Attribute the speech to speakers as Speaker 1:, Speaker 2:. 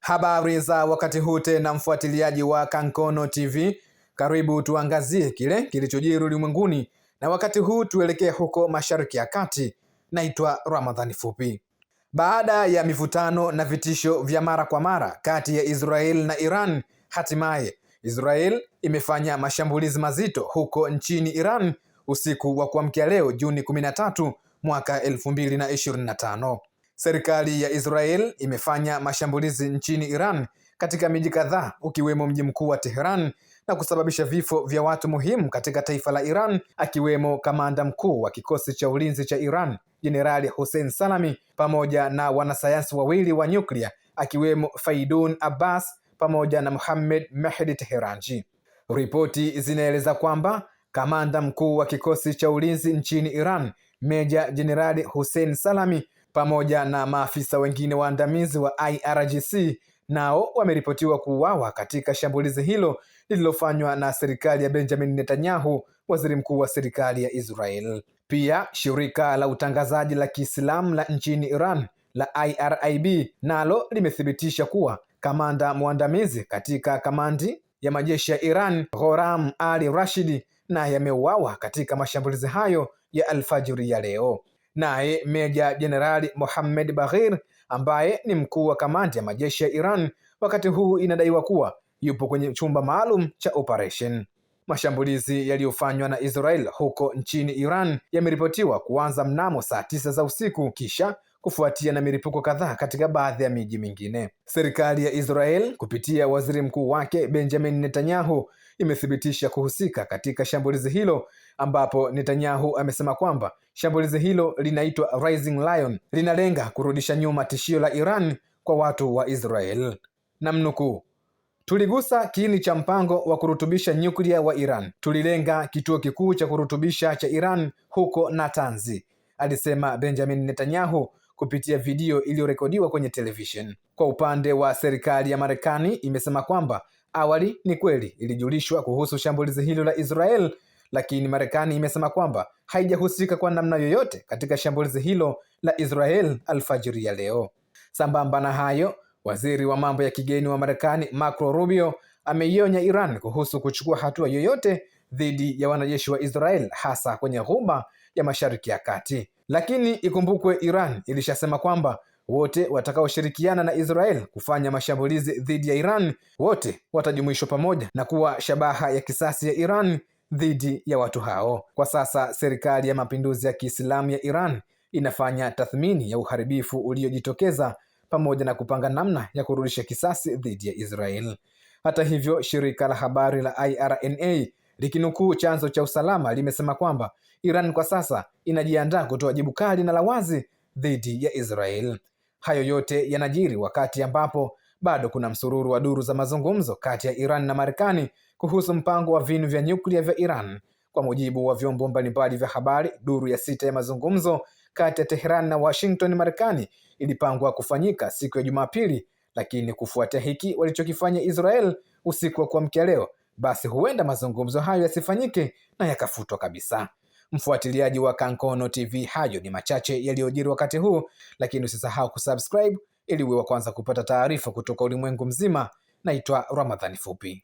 Speaker 1: Habari za wakati huu tena, mfuatiliaji wa Kankono TV, karibu tuangazie kile kilichojiri ulimwenguni, na wakati huu tuelekee huko Mashariki ya Kati. Naitwa Ramadhani Fupi. Baada ya mivutano na vitisho vya mara kwa mara kati ya Israel na Iran, hatimaye Israel imefanya mashambulizi mazito huko nchini Iran usiku wa kuamkia leo Juni 13 mwaka 2025. Serikali ya Israel imefanya mashambulizi nchini Iran katika miji kadhaa ukiwemo mji mkuu wa Tehran na kusababisha vifo vya watu muhimu katika taifa la Iran akiwemo kamanda mkuu wa kikosi cha ulinzi cha Iran Jenerali Hussein Salami pamoja na wanasayansi wawili wa nyuklia akiwemo Faidun Abbas pamoja na Mohammed Mehdi Teheranji. Ripoti zinaeleza kwamba Kamanda mkuu wa kikosi cha ulinzi nchini Iran, Meja Jenerali Hussein Salami pamoja na maafisa wengine waandamizi wa IRGC nao wameripotiwa kuuawa katika shambulizi hilo lililofanywa na serikali ya Benjamin Netanyahu, waziri mkuu wa serikali ya Israel. Pia shirika la utangazaji la Kiislamu la nchini Iran la IRIB nalo limethibitisha kuwa kamanda mwandamizi katika kamandi ya majeshi ya Iran Ghoram Ali Rashidi na yameuawa katika mashambulizi hayo ya alfajiri ya leo. Naye Meja Jenerali Mohammed Baghir ambaye ni mkuu wa kamandi ya majeshi ya Iran wakati huu inadaiwa kuwa yupo kwenye chumba maalum cha operation. Mashambulizi yaliyofanywa na Israel huko nchini Iran yameripotiwa kuanza mnamo saa tisa za usiku kisha kufuatia na milipuko kadhaa katika baadhi ya miji mingine. Serikali ya Israel kupitia waziri mkuu wake Benjamin Netanyahu imethibitisha kuhusika katika shambulizi hilo, ambapo Netanyahu amesema kwamba shambulizi hilo linaitwa Rising Lion linalenga kurudisha nyuma tishio la Iran kwa watu wa Israel. Namnukuu, tuligusa kiini cha mpango wa kurutubisha nyuklia wa Iran, tulilenga kituo kikuu cha kurutubisha cha Iran huko Natanzi, alisema Benjamin Netanyahu kupitia video iliyorekodiwa kwenye televishen. Kwa upande wa serikali ya Marekani imesema kwamba awali ni kweli ilijulishwa kuhusu shambulizi hilo la Israel, lakini Marekani imesema kwamba haijahusika kwa namna yoyote katika shambulizi hilo la Israel alfajiri ya leo. Sambamba na hayo, waziri wa mambo ya kigeni wa Marekani Marco Rubio ameionya Iran kuhusu kuchukua hatua yoyote dhidi ya wanajeshi wa Israel hasa kwenye ghuba ya Mashariki ya Kati. Lakini ikumbukwe, Iran ilishasema kwamba wote watakaoshirikiana na Israel kufanya mashambulizi dhidi ya Iran wote watajumuishwa pamoja na kuwa shabaha ya kisasi ya Iran dhidi ya watu hao. Kwa sasa serikali ya mapinduzi ya Kiislamu ya Iran inafanya tathmini ya uharibifu uliojitokeza pamoja na kupanga namna ya kurudisha kisasi dhidi ya Israel. Hata hivyo, shirika la habari la IRNA Likinukuu chanzo cha usalama limesema kwamba Iran kwa sasa inajiandaa kutoa jibu kali na la wazi dhidi ya Israel. Hayo yote yanajiri wakati ambapo bado kuna msururu wa duru za mazungumzo kati ya Iran na Marekani kuhusu mpango wa vinu vya nyuklia vya Iran. Kwa mujibu wa vyombo mbalimbali vya habari, duru ya sita ya mazungumzo kati ya Tehran na Washington, Marekani, ilipangwa kufanyika siku ya Jumapili, lakini kufuatia hiki walichokifanya Israel usiku wa kuamkia leo, basi huenda mazungumzo hayo yasifanyike na yakafutwa kabisa. Mfuatiliaji wa Kankono TV, hayo ni machache yaliyojiri wakati huu, lakini usisahau kusubscribe ili uwe wa kwanza kupata taarifa kutoka ulimwengu mzima. Naitwa Ramadhani Fupi.